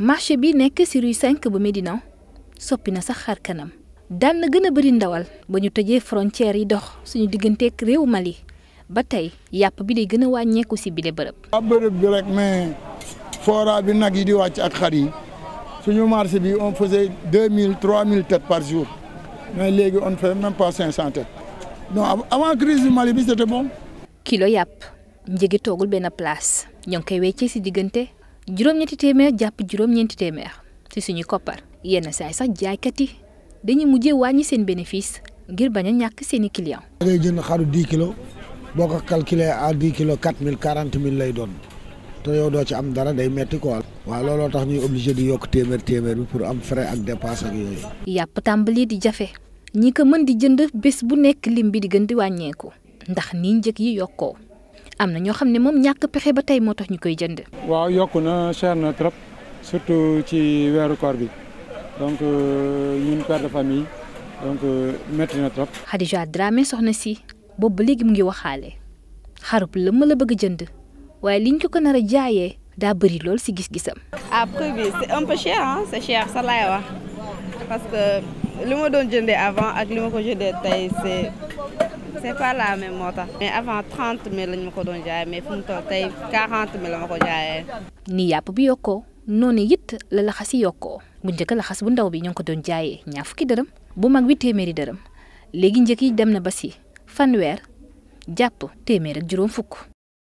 marché bi nekk ci rue 5 bu Médina soppi na sax xar kanam daan na gën a bëri ndawal ba ñu tëjee frontière yi dox suñu digganteeg réew Mali ba tey yàpp bi day gën a wàññeeku si bile bërëb. waa bërëb bi rek mais fora nag yi di wàcc ak xar yi suñu marché bi on faisait deux mille trois mille têtes par jour mais léegi on fait même pas cinq cent têtes avant crise du Mali bi c'était bon. kilo yàpp njëgi toogul benn place ñoo ngi koy weccee si diggante. juróom-ñetti téeméer jàpp juróom-ñeenti téeméer ci suñu koppar yenn saay sax jaaykat yi dañuy mujjee wàññi seen bénéfice ngir bañ a ñàkk seen i clients. da xaru 10 kilos boo ko calculé à 10 kilos 4 000 40 000 lay doon te yow doo ci am dara day metti quoi. waaw looloo tax ñuy obligé di yokk téeméer téeméer bi pour am frais ak dépense ak yooyu. yàpp tàmbali di jafe ñi ko mën di jënd bés bu nekk lim bi di gën di wàññeeku ndax ni njëg yi yokkoo. am na ñoo xam ne moom ñàkk pexe ba tey moo tax ñu koy jënd. waaw yokku na cher na trop surtout ci weeru koor bi donc euh, ñun père famille donc euh, métti na trop. Khadija Dramé soxna si boobu ba léegi mu ngi waxaale xarub la ma la bëgg jënd waaye liñ ko ko nar a jaayee daa bëri lool si gis-gisam. ah prix bi c'est un peu cher ah c'est cher sa laay wax parce li ma doon jëndee avant ak li ma ko jëndee tey c'est c'est pas moo tax. mais avant trente mille lañ ma ko doon jaayee mais fu mu toll tey quarante mille la ni yàpp bu yokkoo noonu it la laxas yokko bu njëkk laxas bu ndaw bi ñoo ngi ko doon jaayee ñaar fukki dërëm bu mag bi téeméeri dërëm léegi njëkk yi dem na ba si fanweer jàpp téeméer ak juróom fukk.